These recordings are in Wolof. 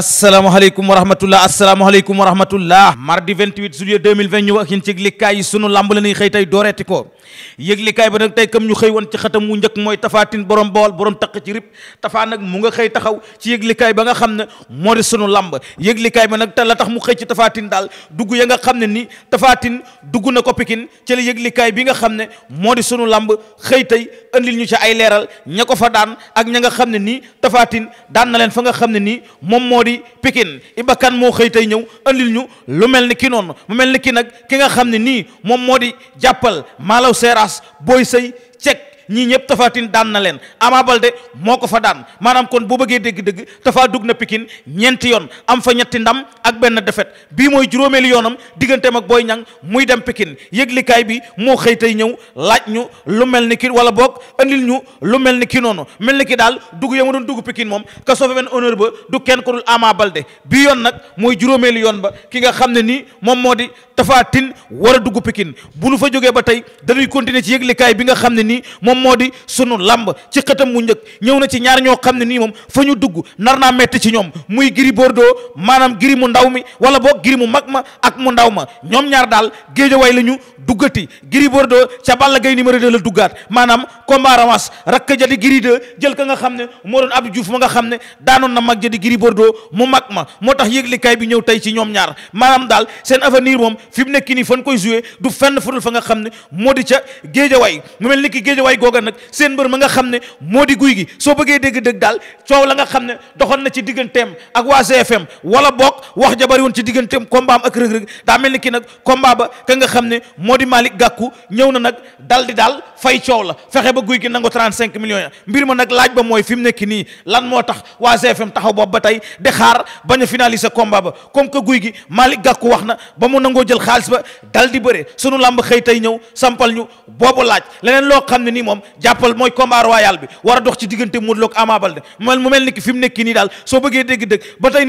asalaamaaleykum wa rahmatullah asalaamaaleykum wa rahmatullah mardi 28 juillet 2020 ñëw ak yéen ci yëglikaay yi sunu lamb la ñuy xëy tey dooreeti ko yëglikaay ba nag tey comme ñu xëy woon ci xatam mu njëkk mooy tafaatin borom bawol borom taq ci rib tafaa nag mu nga xëy taxaw ci yëglikaay ba nga xam ne moo di sunu làmb yëglikaay ba nag te la tax mu xëy ci tafaatin daal dugg ya nga xam ne ni tafaatin dugg na ko pikin ci bi nga xam ne moo di sunu làmb xëy tey andil ñu ci ay leeral ña ko fa daan ak ña nga xam ne nii tafaatin daan na leen fa nga xam ne nii moom moo di pikin ibakan moo xëy tey ñëw andil ñu lu mel ni ki noonu mu mel ni ki nag ki nga xam ne nii moom moo di jàppal maalaw seeraas booy sëy ceg ñii ñëpp tafaatin daan na leen Ama Baldé moo ko fa daan maanaam kon boo bëggee dégg-dëgg tafaa dugg na Pikine ñeenti yoon am fa ñetti ndam ak benn defet bii mooy juróomeelu yoonam digganteem ak booy Niang muy dem Pikine yëglikaay bi moo xëy tey ñëw laaj ñu lu mel ni ki wala boog andil ñu lu mel ni ki noonu mel ni ki daal dugg ya ma doon dugg Pikine moom ka soo fa benn honneur ba du kenn ko dul Ama Baldé bii yoon nag mooy juróomeelu yoon ba ki nga xam ne nii moom moo di tafaatin war a dugg Pikine bu nu fa ba tey dañuy continuer ci bi nga xam ne nii moom moom moo di sunu lamb ci xëtam mu njëkk ñëw na ci ñaar ñoo xam ne nii moom foo ñu dugg nar naa metti ci ñoom muy Gris Bordeaux maanaam Gris mu ndaw mi wala boo Gris mu mag ma ak mu ndaw ma ñoom ñaar daal géejawaay la ñu duggati Gris Bordeaux ca Balla Gaye numéro 2 la maanaam combat ramas ja di Gris 2 jël nga xam ne moo doon Abdou Diouf ma nga xam ne daanoon na mag ja di Gris Bordeaux mu mag ma moo tax yëglikaay bi ñëw tey ci ñoom ñaar maanaam daal seen avenir moom fi mu nekk nii fan koy joué du fenn fudul fa nga xam ne moo di ca géejawaay mu mel ni ki géejawaay googa nag seen mbër ma nga xam ne moo di guy gi soo bëggee dégg dég daal coow la nga xam ne doxoon na ci digganteem ak waa GFM wala boog wax ja bari woon ci digganteem combat am ak rëg-rëg daa mel ni kii nag combat ba ka nga xam ne moo di Malick Gakou ñëw na nag dal di daal fay coow la fexe ba guy gi nangu 35 millions ya mbir ma nag laaj ba mooy fi mu nekk nii lan moo tax waa GFM taxaw boobu ba tey di xaar bañ a finaliser combat ba comme que guy gi Malick Gakou wax na ba mu nangoo jël xaalis ba dal di bëre sunu làmb xëy tey ñëw sampal moom jàppal mooy combat royal bi war a dox ci diggante ni ki fi mu nekk nii daal soo bëggee dégg-dëgg ba tey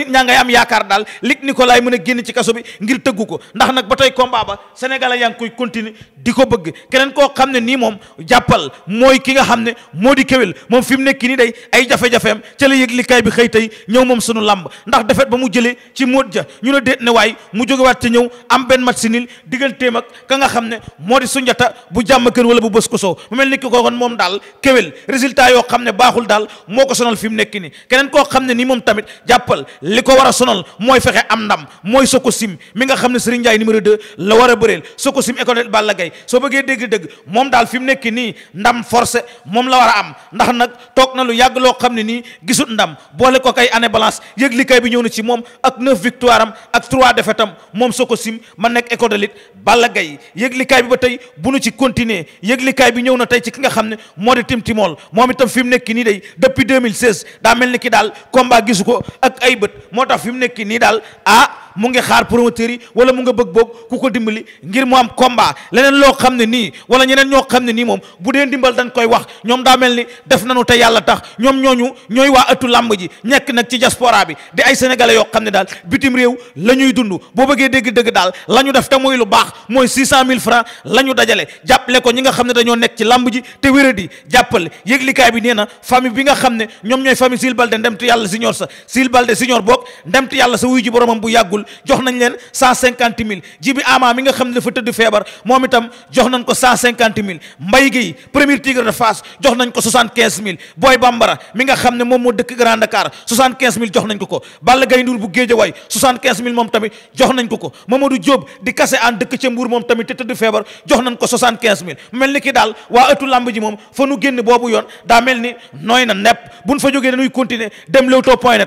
daal Luc Nicolaï mën a génn ci kaso bi ngir tëggu ko ndax nag ba tey combat ba sénégalais yaa ngi koy continuer di ko bëgg keneen koo xam ne nii moom jàppal mooy ki nga xam ne moo di kéwél moom fi mu nekk nii day ay jafe-jafeem ca la yëg kaay bi xëy tey ñëw moom sunu làmb ndax defet ba mu jëlee ci móot ja ñu la déet ne waay mu jógewaat ca ñëw am benn match si nil digganteem ak ka nga xam ne moo di sunjata bu jàmm kën wala bu bës ko soow mu mel ni ko kon moom daal kéwél résultat yoo xam ne baaxul daal moo ko sonal fi mu nekk nii keneen koo xam ne nii moom tamit jàppal li ko war a sonal mooy fexe am ndam mooy ko Sim mi nga xam ne Serigne Ndiaye numéro de la war a bëreel Soko Sim école Balla gay soo bëggee dégg dëgg moom daal fi mu nekk nii ndam forcé moom la war am ndax nag toog na lu yàgg loo xam ne nii gisut ndam boole ko kay anne balance yëg li bi ñëw na ci moom ak neuf victoire am ak trois défaite am moom Soko Sim ma nekk école Balla Gaye yëg bi ba tey bu ci continuer yëg bi ñëw na tey nga xam ne moo di tim timool moom itam fi mu nekk nii day depuis 2016 daa mel ni ki daal combat gisu ko ak ay bët moo tax fi mu nekk nii daal ah mu ngi xaar promoteur yi wala mu nga bëgg boog ku ko dimbali ngir mu am combat leneen loo xam ne nii wala ñeneen ñoo xam ne nii moom bu dee dimbal dañ koy wax ñoom daa mel ni def nañu te yàlla tax ñoom ñooñu ñooy waa ëttu làmb ji nekk nag ci diaspora bi di ay sénégalais yoo xam ne daal bitim réew la ñuy dund boo bëggee dégg-dëgg daal la ñu def te muy lu baax mooy six cent mille francs la ñu dajale jàppale ko ñi nga xam ne dañoo nekk ci làmb ji te wéradi jàppale yëglikaay bi nee na famille bi nga xam ne ñoom ñooy famille Sil Balde ndemtu yàlla siñor sa Sil Balde siñor boog ndemtu yàlla sa wuy ji boromam bu yàggul jàppul jox nañ leen cent cinquante mille jibi ama mi nga xam ne dafa tëdd feebar moom itam jox nañ ko cent quinze mille booy bambara mi nga xam ne moom moo dëkk Grand Dakar jox nañ ko ko Balla Gaye bu Géejawaay soixante moom tamit jox nañ ko ko Mamadou Diop di kase an dëkk ca Mbuur moom tamit te tëdd feebar jox nañ ko mel ni ki daal waa ëttu làmb ji moom fa nu génn boobu yoon daa mel ni nooy na nepp buñ fa jógee dañuy continuer dem Leewtoo point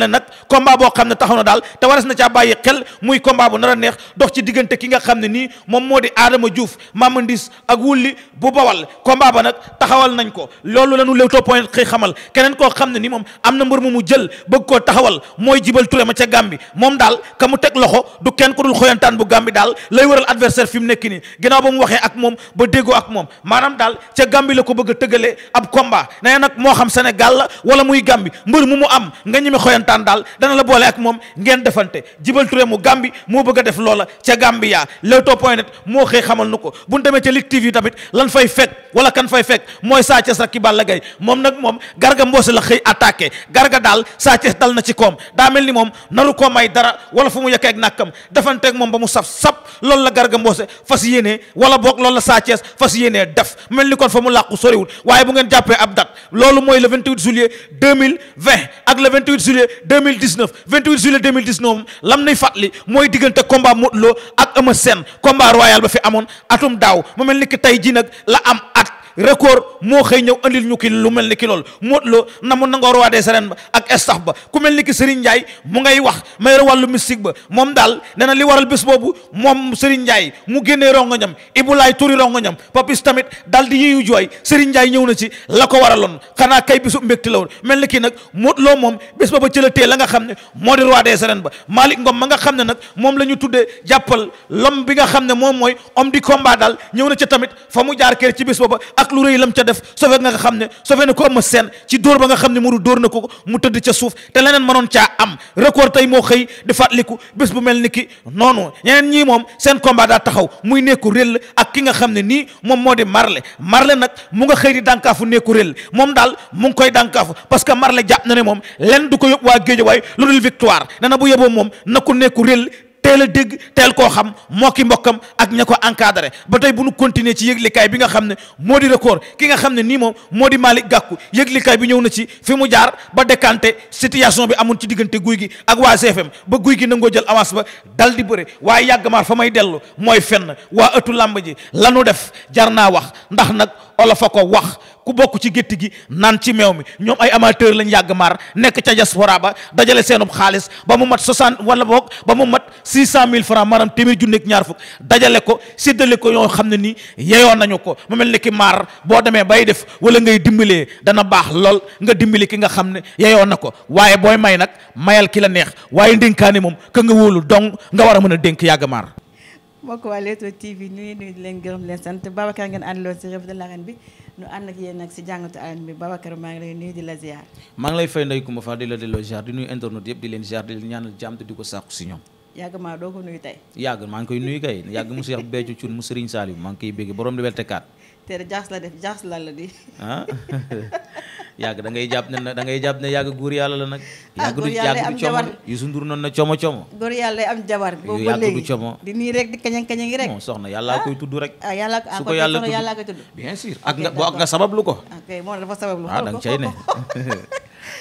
net Sénégal te waras na caa bàyyi xel muy combat bu nar a neex dox ci diggante ki nga xam ne nii moom moo di Adama Diouf Mamandis ak wulli bu bawal combat ba nag taxawal nañ ko loolu la ñu Leewtoo point xëy xamal keneen koo xam ne ni moom am na mbër mu mu jël bëgg koo taxawal mooy jibal Touré ma ca Gàmbi moom daal ka mu teg loxo du kenn ku dul xoyantaan bu Gàmbi daal lay waral adversaire fi mu nekk nii ginnaaw ba mu waxee ak moom ba déggoo ak moom maanaam daal ca Gàmbi la ko bëgg a tëggalee ab combat nee nag moo xam Sénégal la wala muy Gàmbi mbër mu mu am nga ñeme xoyantaan daal dana la boole ak moom ngeen defante jibal Touré mu Gàmbi moo bëgg a def loola ca Gàmbi yaa Leewtoo point net moo xëy xamal nu ko bu ñu demee ca Ligue TV tamit lan fay fekk wala kan fay fekk mooy Sa Thiès ak ki Balla moom nag moom Garga Mbossé la xëy attaqué Garga daal Sa dal na ci koom daa mel ni moom naru koo may dara wala fu mu yekkee ak nàkkam defanteeg moom ba mu saf sap loolu la Garga Mbossé fas yéenee wala boog loolu la Sa Thiès fas yéenee def mel ni kon fa mu 2019 lam nay fàttali mooy diggante combat Modou Lo ak Eumeu Sène combat royal ba fi amoon atum daaw mu mel ni ki tey ji la am at record moo xëy ñëw andil ñu ki lu mel ni ki lool Modou Lo na mun nangoo roi des arènes ba ak staff ba ku mel ni ki Serigne Ndiaye mu ngay wax ma yor wàllu mystique ba moom daal nee na li waral bés boobu moom Serigne Ndiaye mu génnee rongo ñam Ibulaay turi rongo ñam Papis tamit daal di yéeyu jooy Serigne Ndiaye ñëw na ci la ko waral loon xanaa kay bisu mbégte la woon mel ni kii nag Modou Lo moom bés booba ci la tee la nga xam ne moo di roi des ba Malick Ngom ma nga xam ne nag moom la tuddee jàppal lom bi nga xam ne moom mooy homme du combat daal ñëw na ca tamit fa mu jaar kër ci bés booba ak lu rëy lam ca def sofe nga nga xam ne sofe na ko ëmma seen ci dóor ba nga xam ne mu dóor na ko mu tëdd ca suuf te leneen mënoon caa am record tey moo xëy di fàttaliku bés bu mel ni ki noonu ñeneen ñii moom seen combat daa taxaw muy nekku réll ak ki nga xam ne nii moom moo di marle marle nag mu nga xëy di dànkaafu nekku réll moom daal mu ngi koy dànkaafu parce que marle jàpp na ne moom lenn du ko yóbbu waa géejawaay lu dul victoire nee na bu yeboo moom na ko nekku réll teel a dégg teel koo xam mokki mbokkam ak ña ko encadré ba tey bu nu continuer ci yëglikaay bi nga xam ne moo di record ki nga xam ne nii moom moo di Malick gàkku yëglikaay bi ñëw na ci fi mu jaar ba décanté situation bi amoon ci diggante guy gi ak waa GFM ba guy gi nangoo jël avance ba dal di bëre waaye yàggamaar fa may dellu mooy fenn waa ëttu làmb ji lanu def jar naa wax ndax nag olof a ko wax ku bokk ci gétti gi naan ci meew mi ñoom ay amateur lañ yàgg maar nekk ca diaspora ba dajale seenub xaalis ba mu mat soixante wala boog ba mu mat six cent mille francs maanaam téeméer junni ak ñaar fukk dajale ko séddale ko ñoo xam ne nii yeyoon nañu ko mu mel ni ki maar boo demee bay def wala ngay dimbalee dana baax lool nga dimbali ki nga xam ne yeyoon na ko waaye booy may nag mayal ki la neex waaye ndénkaane moom ka nga wóolu dong nga war a mën a dénk yàgg maar mbokk waa Leewtoo TV ñu ngi nuyu di leen gërëm leen sant Babacar ngeen àndaloo si revue de l'arène bi ñu ànd ak yéen nag si jàngatu arène bi Babacar maa ngi lay nuyu di la ziar. maa ngi lay fay Ndeye Coumba Fall di la delloo ziar di internet yëpp di leen ziar di leen ñaanal jàmm te di ko sàkku si ñoom. yàgg maa doo ko nuyu tey. yàgg maa ngi koy nuyu kay yàgg mu Cheikh Béthio Thioune mu Serigne Saliou maa ngi koy bégg borom di welteekaat. te jaas la def jaas la la di. Ah. yàgg da ngay jàpp ne da ngay jàpp ne yàgg góor yàlla la nag. ah góor yàlla am jabar yàgg du Youssou Ndour noonu na como como. góor yàlla am jabar ba léegi como di nii rek di kañang kañangi rek. non soxna yàlla ah. koy tudd rek. ak nga boo ak ko. ok moo dafa sabablu ah da nga cay ne.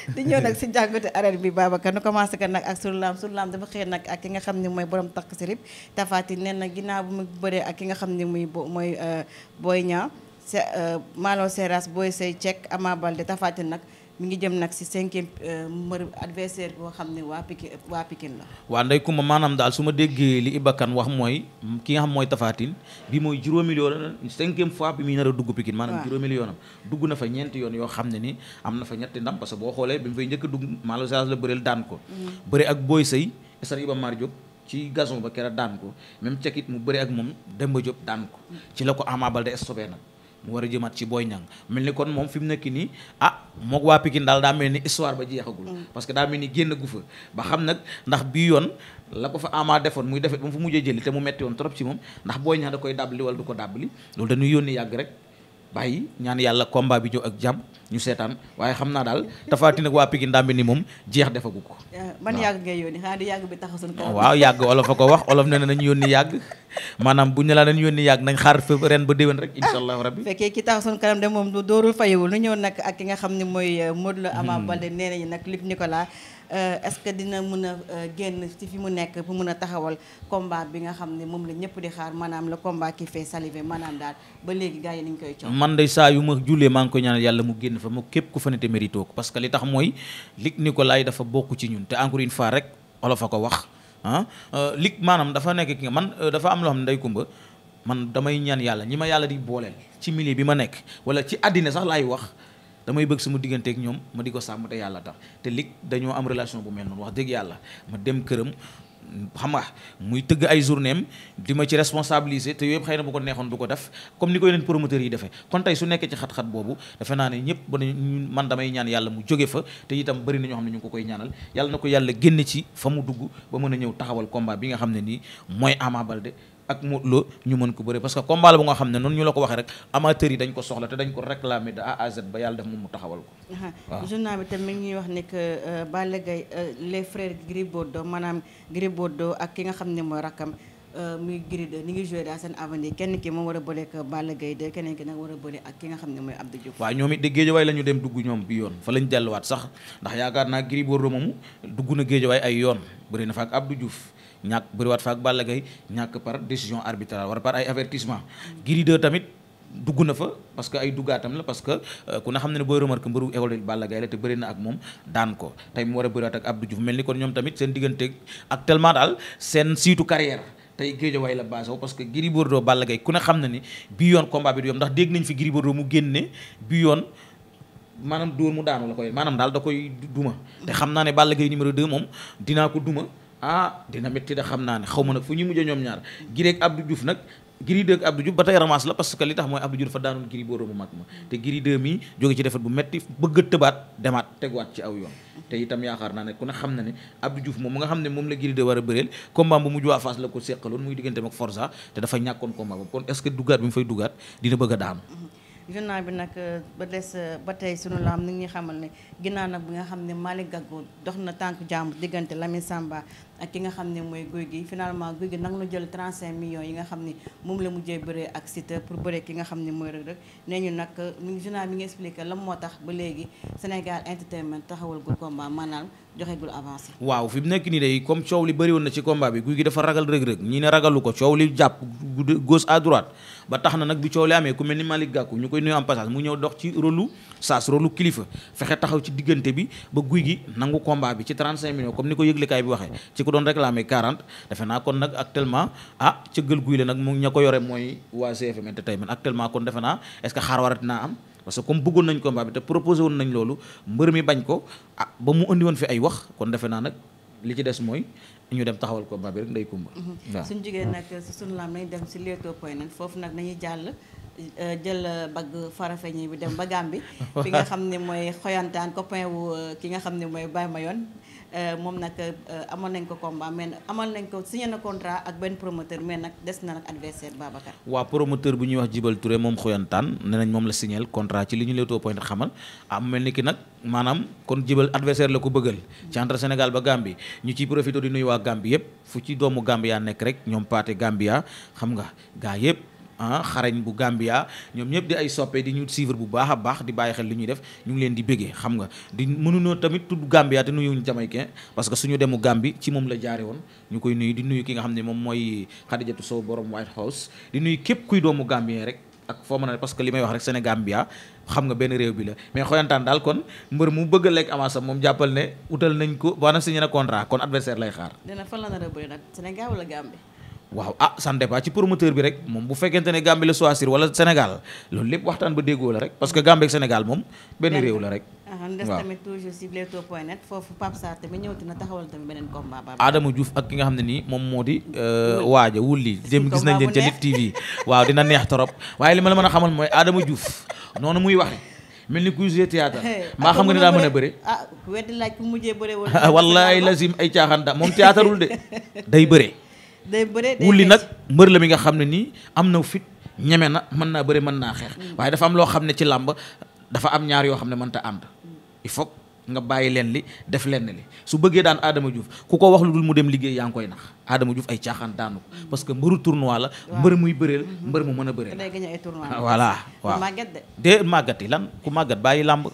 ko ak surlaam surlaam dafa xëy nag ak ki nga xam ne mooy borom takk sirib tafaati nee na ginnaaw bu mu bëree ak ki nga xam ne muy mooy euh, booy ñaa Euh, Malo Seras booy Sey Cek Ama Balde Tapha Tine nag mu ngi jëm nag si cinquième euh, mbër adversaire boo xam ne waa Pikine waa Pikine la. waa ndey kuma maanaam daal su ma déggee li Iba wax mooy ki nga xam mooy Tapha Tine bi mooy juróomi yoonam fois bi muy nar a dugg Pikine. waaw maanaam juróomi yoonam dugg na fa ñeenti yoon yoo xam ne ni am na ñetti ndam parce que boo xoolee bi mu fay njëkk a dugg Malo daan ko. Mm. bëre ak Boy Sey Esar Iba ci gazon ba keroog daan ko même cekit mu bëri ak moom Demba Diop daan ko mm. ci la ko Ama Baldé estopé nag mu war a jëmaat ci booy Niang mel ni kon moom fi mu nekk nii ah moog waa Pikine daal daa mel ni histoire ba jeexagul. Mm. parce que daa mel ni génn gu fa ba xam nag ndax bii yoon la ko fa Ama defoon muy defet ba mu fa mujjee jëli te mu metti woon trop ci moom ndax Boy Niang da koy dàbbali wala du ko dàbbali loolu dañuy yónni yàgg rek. bàyyi ñaan yàlla combat bi ñëw ak jàmm ñu seetaan waaye xam naa daal tafaati nag waa Pikine ndàmbi ni moom jeex defagu ko. man eh, yàgg ngay yónni xanaa di yàgg bi taxaw suñu kanam. waaw yàgg olof a ko wax olof nee na nañu yónni yàgg maanaam bu ñu laa nañu yónni yàgg nañ xaar fa ren ba déwén rek incha allahu ah, fekkee ki taxaw kanam de moom du dóorul fayewul nu ñëw nag ak ki nga xam ne mooy eh, Modou Lo Ama hmm. Baldé nee nañu nag Luc Nicolas Euh, est-ce que dina mën a euh, génn ci fi mu nekk bu mën a taxawal combat bi nga xam ne moom la ñëpp di xaar maanaam la combat ki fait saliver maanaam daal ba léegi gars yi nañ koy coow. man day saa yu ma jullee maa ngi koy ñaanal yàlla mu génn fa mu képp ku fa ne te mérito ko parce que li tax mooy ni ko Nicolaï dafa bokk ci ñun te encore une fois rek olof a ko wax ah euh, Luc maanaam dafa nekk ki nga man dafa am loo xam ne kumba man damay ñaan yàlla ñi ma yàlla di booleel ci milieu bi ma nekk wala ci àddina sax laay wax. damay bëgg sama digganteek ñoom ma di ko sàmm te yàlla tax te lig dañoo am relation bu mel noonu wax dëgg yàlla ma dem këram xam nga muy tëgg ay journée am di ma ci responsabiliser te yooyu yëpp xëy na bu ko neexoon du ko def comme ni ko yeneen promoteurs yi defee kon tey su nekkee ci xat-xat boobu defe naa ne ñëpp ba man damay ñaan yàlla mu jóge fa te itam bëri na ñoo xam ne ñu ngi ko koy ñaanal yàlla na ko yàlla génn ci fa mu dugg ba mën a ñëw taxawal combat bi nga xam ne nii mooy Ama ak Modou Lo ñu mën ko bëre parce que combat la bu nga xam ne noonu ñu la ko waxee rek amateurs yi dañ ko soxla te dañ ko réclamer de A à ba yàlla def moom mu taxawal ko. waaw journal bi tam mi ngi wax ne que euh, Balla Gaye euh, ak ki nga xam ne mooy rakkam euh, muy Gris de ni ngi joué daal seen avenir kenn ki moom war a bëre ak Balla Gaye de keneen ki nag war a bëre ak ki nga xam ne mooy Abdou Diouf. waaw ñoom it de géejawaay la dem dugg ñoom bi yoon fa la ñu delluwaat sax ndax yaakaar naa Gris Bordeaux moomu dugg na géejawaay ay yoon bëri na fa ak Abdou ñàkk bëriwaat fa ak Balla Gaye ñàkk par décision arbitrale a par ay avertissement Gris tamit dugg na fa parce que ay duggaatam la parce que euh, ku na xam ne ne booy remarque mbëru école Balla ak moom daan ko tey mu war a bëriwaat mel ni kon ñoom tamit seen diggante actuellement daal seen siitu carrière tey géejawaay la basé parce que Gris Bordeaux Balla Gaye ku ne xam na ne bii yoon combat bi du yomb ndax dégg nañ fi Gris Bordeaux mu génne bii yoon maanaam dóor mu daanu la koy maanaam daal da koy duma te xam naa ne Balla Gaye numéro 2 moom dinaa ko duma ah dina métti da xam naa ne xaw ma nag fu ñu mujj ñoom ñaar Gris ak Abdou nag Gris 2 ak ba tey ramasse la parce que li tax mooy Abdou Diouf fa daanoon Gris Bordeaux mu mujj waa la ko seqaloon muy digganteem ak Forza te dafay ñàkkoon combat kon est-ce que dugaat bi mu fay dugaat dina bëgg daanu journal bi nag euh, ba des euh, ba tey sunu laam ni ngi xamal ne ginnaaw nag bi nga xam ne Malick Gakou dox na tànk jàmm diggante Lamine Samba ak ki nga xam ne mooy guy gi finalement guy gi nag na jël 35 million yi nga xam ni moom la mujjee bëree ak Siteu pour bëree ki nga xam ne mooy Reug Reug nee ñu nag mi ngi journal mi ngi expliqué lan moo tax ba léegi Sénégal entertainment taxawal gul combat maanaam joxegul avancé waaw fi mu nekk nii day comme coow li bëri na ci komba bi guy gi dafa ragal Reug Reug ñi ne ragalu ko coow li jàpp gauche à droite ba tax na nag bi coow li amee ku mel ni Malick Gakou ñu koy nuyu en passage mu ñëw dox ci rôlu saas rôlu kilifa diggante bi ba guy gi nangu combat bi ci 35 millions comme ni ko yëglekaay bi waxee ci ku doon réclamer 40 defe naa kon nag actuellement ah ko yore mooy waa CFM Entertainment actuellement kon defe naa est-ce que xaar warat naa am parce que comme bëggoon nañ combat bi te proposé woon nañ loolu mbër mi bañ ko ah ba mu andi woon fi ay wax kon defe naa nag li ci des mooy ñu dem taxawal combat bi rek ndey kumba mhm. suñ jógee nag si sunu laam nañ dem si Leewtoo point net foofu nag nañuy jàll euh, jël euh, bagg farafeñi bi dem ba Gàmbi bi nga xam ne mooy xoyantaan copain wu euh, ki nga xam ne mooy Baye Mayoon Euh, moom nag euh, amal nañ ko combat mais amal nañ ko signé na contrat ak benn promoteur mais nag des na nag adversaire Babacar. waaw promoteur bu ñuy wax Jibal Touré moom xoyantaan nee nañ moom la signé contrat ci li ñu Leewtoo point xamal am ah, mel ni ki nag maanaam kon Jibal adversaire la ko bëggal. ci entre Sénégal ba Gambie ñu ci profité di nuyu waa Gambie yëpp fu ci doomu Gambia nekk rek ñoom paate Gambia xam nga gaa yëpp. ah xarañ bu Gambia ñoom ñëpp di ay soppe di ñu suivre bu baax a baax di bàyyi xel li ñuy def ñu ngi leen di béggee xam nga di mënunoo tamit tudd Gambia te nuyuñ jamaïcain parce que suñu demu Gambie ci moom la jaare woon ñu koy nuyu di nuyu ki nga xam ne moom mooy Xadijatu Sow borom White House di nuyu képp kuy doomu Gambien rek ak foo mën a parce que li may wax rek Sénégambia xam nga bi la mais xoyantaan daal kon mbër mu bëgg a lekk avance am moom jàppal ne utal nañ ko ba na signé na contrat kon adversaire lay la nar waaw ah ça dépend ci promoteur bi rek moom bu fekkente ne Gambie la choisir wala Sénégal loolu lépp waxtaan ba déggoo la rek parce que Gambie ak Sénégal moom benn réew la rek. Ah, ah, waaw des tamit toujours ci Leewtoo point net foofu Pape Sarr tamit na xam ne moom moo di. Euh, waaja wulli jëm gis nañ leen ca Lutte TV waaw dina neex trop waaye li ma la mën a xamal mooy aadama jouf noonu muy wax mel ni kuy joué théâtre ah, maa xam nga ne daa mën a bëre ah weddi laaj ku mujjee bëre woon. wallaahi lazim ay caaxaan da moom théâtre wul de day bëre day bëre wulli nag mbër la mi nga xam ne nii am na fit ñeme na mën naa bëre mën naa xeex mm. waaye dafa am loo xam ne ci làmb dafa am ñaar yoo xam ne mënta ànd mm. i foog nga bàyyi leen li def lenn li su bëggee daan Adama Diouf ku ko wax lu dul mu dem liggéey yaa ngi koy nax Adama Diouf ay caaxaan daanu ko mm. parce que mbëru tournoi la mbër muy bëreel mm-hmm. mbër mu mën a bëreel voilà waaw de màggat yi lan ku màggat bàyyi làmb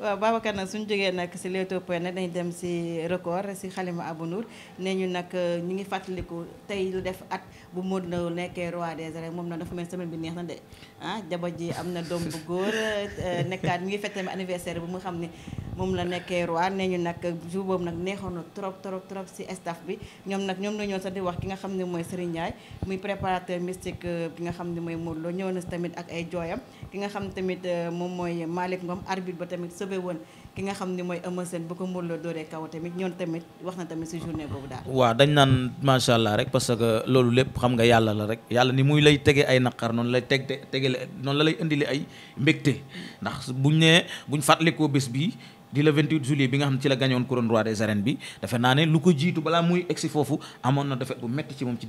waaw Babacar nag suñu jógee nag si Leewtoo point nag dañu dem si record si xalima Abou nur nee ñu nag euh, ñu ngi fàttaliku tey lu def at bu Modou Lo nekkee roi des arènes moom na dafa mel semaine bi neex na de ah ji am na doom góor euh, nekkaat mi ngi fête tamit anniversaire bu mu xam ne moom la nekkee roi nee ñu nag jour boobu nag neexoon na trop trop trop si staff bi ñoom nag ñoom la ñoo sax di wax ki nga xam ne mooy Serigne muy préparateur mystique ki euh, nga xam ne mooy Modou Lo ñëw na si tamit ak ay jooyam ki nga xam tamit moom mooy Malick Ngom arbitre ba tamit sauvé woon ki nga xam ni mooy Eumeu Sène bu ko Modou Lô dooree kaw tamit ñoom tamit wax na tamit si journée boobu daal. waaw dañ naan macha allah rek parce que loolu lépp xam nga yàlla la rek yàlla ni muy lay tege ay naqar noonu lay teg tegele noonu la lay indile ay mbégte ndax bu buñ nee buñ ko bés bii. di le 28 juillet bi nga xam ne ci la gañoon couronne roi des arènes bi defe naa ne lu ko jiitu balaa muy egsi foofu amoon na defet bu metti ci moom ci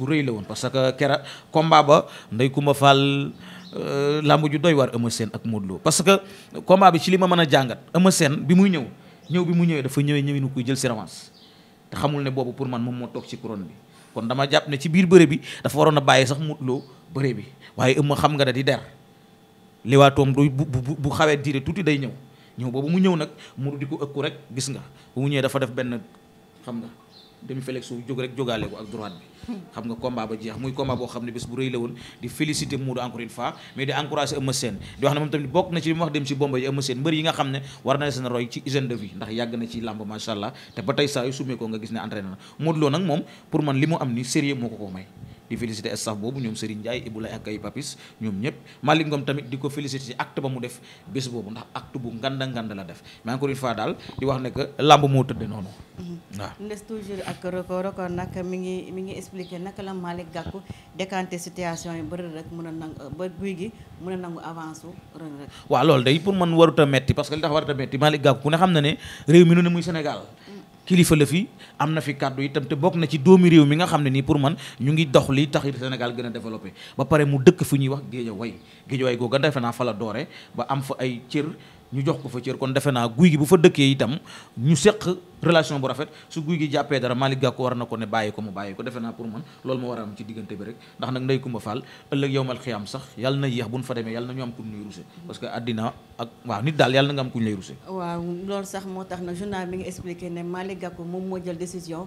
bu rëy la woon parce que kera combat ndey kumba Fall euh, làmb ju doy waar Eumeu ak Modou parce que combat bi ci li ma mën a jàngat Eumeu Sène bi muy ñëw ñëw bi mu ñëwee dafa ñëwee ñëwinu koy jël séance te xamul ne boobu pour man moom moo toog ci couronne bi kon dama jàpp ne ci biir bëre bi dafa waroon a bàyyi sax Modou Lo bëre bi waaye Eumeu xam nga da di der liwaatoom du bu bu bu xawee diire tuuti day ñëw ñëw boobu mu ñëw nag mu di ko ëkku rek gis nga bu mu ñëwee dafa def benn xam nga. demi Félix Souf jóg rek jógaale ko ak droite bi xam nga combat ba jeex muy combat boo xam ne bés bu rëy woon di féliciter Modou encore une fois mais di encourager Eumeu Sène di wax ne moom tamit bokk na ci li mu wax dem ci bomba yi Eumeu Sène mbër yi nga xam ne war na seen roy ci hygiène de vie ndax yàgg na ci làmb masha Allah te ba tey saa yu sumee nga gis ne entraîné na Modou Lo nag moom pour man li mu am ni sérieux moo ko ko may di féliciter staff boobu ñoom Serigne Ndiaye Ibulaay ak ay papis ñoom ñëpp Malick Ngom tamit di ko féliciter ci acte ba mu def bés boobu ndax acte bu nganda nganda la def mais encore une fois daal di wax ne mhm. la Malick Gakou décanté situation yi ba rek mën a nangu ba guy gi mën a nangu avance rek rek waaw loolu day pour man warut a metti parce que li tax warut a metti Malick Gakou ku ne xam na ne réew mi nu ne muy Sénégal kilifa la fi am na fi kàddu itam te bokk na ci doomi réew mi nga xam ne nii pour man ñu ngi dox li tax Sénégal gën a développé ba pare mu dëkk fu ñuy wax Géejawaay Géejawaay googu defe naa fa la doore ba am fa ay cër ñu jox ko fa cër kon defe naa guy gi bu fa dëkkee itam ñu seq relation bu rafet su guy gi jàppee dara Malick Gakou war na ko ne bàyyi ko mu bàyyi ko defe naa pour man loolu ma war a am ci diggante bi rek ndax nag Ndeye Coumba Fall ëllëg yowmal xiyaam sax yàlla na yéex bu ñu fa demee yàlla na ñu am kuñ ñuy ruse parce que àddina ak waaw nit daal yàlla na nga am kuñ lay ruse waaw loolu sax moo tax na journal bi nga expliqué ne Malick Gakou moom moo jël décision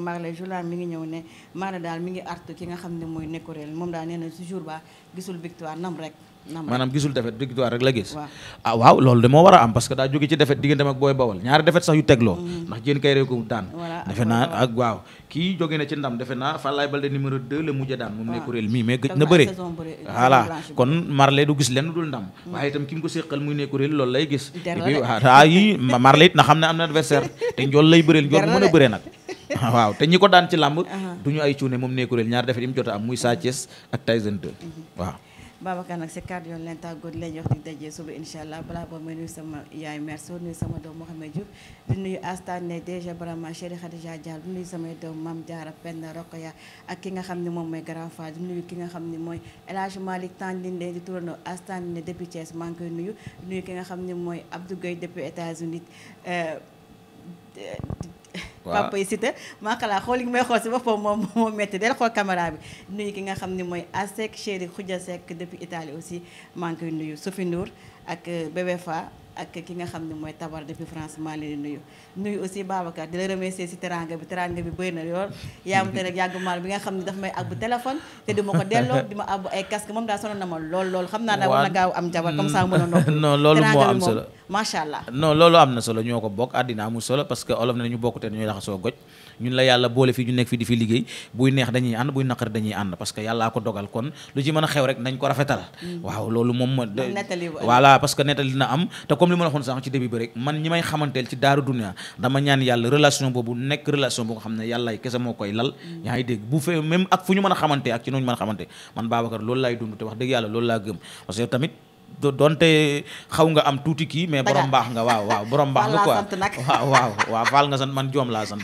Marley Joula mi ngi ñëw ne maana daal mi ngi artu ki nga xam ne mooy nekkureel moom daal nee nam rek maanaam gisul defet victoire rek la gis ah waaw moo war a am parce que daa jóge ci defet digganteem ak booy mm-hmm. na ci ndam defe naa Falaye la mujj daan moom nekkureel mii mais gëj na bëree voilà kon Marley ndam mm-hmm. waaye itam ki mu ko séqal loolu lay gis et puis ah yi xam ne am na adversaire te njool lay a bëree nag waaw te ñi ko daan ci làmb du ñu ay cuune moom nee kuréel ñaar defet yi mu jot a am muy Sa Thiès ak Tyson 2 mhm. waaw Babacar nag si kàddu yoon leen tàggoo di leen jox di daje suba incha allah balaa boobu may nuyu sama yaay merci nuyu sama doom Mouhamed Diouf di nuyu Astane déjà vraiment chéri Khadija Dial di nuyu samay doom Mame Diarra Penda Rokhaya ak ki nga xam ni moom mooy Grand Fall di nuyu ki nga xam ni mooy El Hadj Malick Tandine di turandoo Astane depuis koy nuyu di nuyu ki nga xam ne mooy Abdou Gueye depuis États-Unis euh, papa yi Siteu maa xalaat xool li may xool si boppam moom moo métti del xool caméra bi nuyu ki nga xam ni mooy Asek chéri Khoudia Seck depuis Italie aussi maa ngi nuyu sofi Ndour ak euh, bébé Fa ak ki nga xam ne mooy tabar depuis France maa leen nuyu nuyu aussi Babacar di la remercier si teranga bi teranga bi bëri na lool yaa ma rek yàggu maal bi nga xam ne daf may àbbu téléphone te duma ko delloo dima àbbu ay casque moom daa sonal na ma lool lool xam naa daa war gaaw am jabar comme ça mën a nopp loolu moo am solo macha allah. non loolu am na solo ñoo ko bokk àddina amul solo parce que olof na ñu bokkute ñooy laxasoo goj ñun la yàlla boole fii ñu nekk fi di fi liggéey buy neex dañuy ànd buy naqar dañuy ànd parce que yàllaa ko dogal kon a ko rafetal mm. waaw loolu moom ma voilà que nettali dina am te comme li ma la waxoon sànq ci début bi rek man ñi may xamanteel ci daaru dunya dama ñaan yàlla relation boobu nekk relation bu nga xam ne yàlla kese moo koy lal mm. yaa ngi bu fee même ak fu ñu mën a xamante ak ci ñu mën a xamante man Babacar loolu laay dund te wax yàlla loolu laa gëm donte xaw nga am tuuti kii mais borom mbaax nga waaw waaw borom baax nga quoi waaw waaw waaw faal nga san man joom laa sant